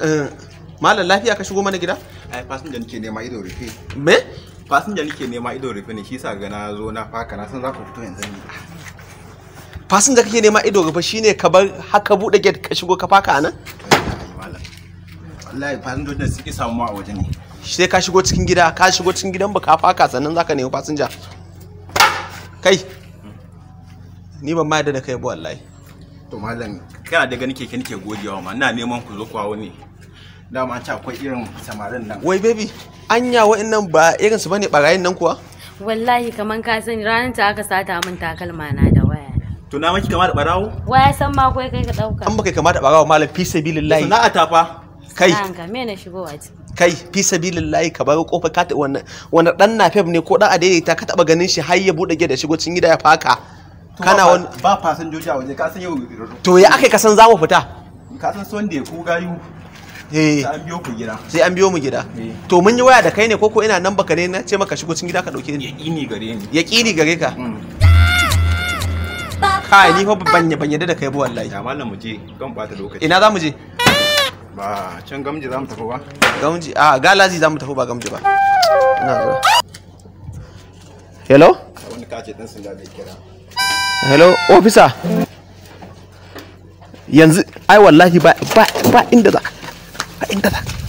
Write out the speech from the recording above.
Eh, malam lafiya ka shigo mana gida ai fasinja nake nema ido rufe me fasinja nake nema ido rufe ne shi sa ga na zo na faka na san za ku fito yanzu ne fasinja kake nema ido rufe shine ka bar haka bude gate ka shigo ka faka anan wallahi da suke samu a waje ne sai ka shigo cikin gida ka shigo cikin gidan ba ka faka sannan zaka nemi fasinja kai ni ban ma yadda da kai ba wallahi to malam kana da gani keke nake gogewa ma ina neman ku zo kwawo ne dama ci akwai irin samarin nan wai baby anya wa'annan ba irin su bane barayin nan kuwa wallahi kaman ka sani ranar ta aka sata min takalma na da waya to na maki kama da barawo waya san ma kai kai ka dauka an baka kama da barawo malam fi sabilillahi sana'a ta fa kai ka me na shigo a kai fi sabilillahi ka bar kofa ka ta wannan wannan dan nafef ne ko dan adaidaita ka taba ganin shi har ya bude gida shigo cikin gida ya faka kana wani ba fasinjoji a waje ka san yau to ya akai ka san za mu fita ka san son da ku gayu eh. sai an biyo ku gida sai an biyo mu gida eh. to mun yi waya da kai ne koko ina nan baka ne na ce maka shigo cikin gida ka dauke ni yaqini gare ni yaqini gare ka mm. kai ni fa ban ban yadda da kai ba wallahi ya mallam mu je kan bata lokaci ina za mu je ba can gamji za mu tafi ba gamji a galazi za mu tafi ba gamji ba ina zuwa hello wani kace dan sun da kira hello officer yanzu ai wallahi ba inda za ba inda za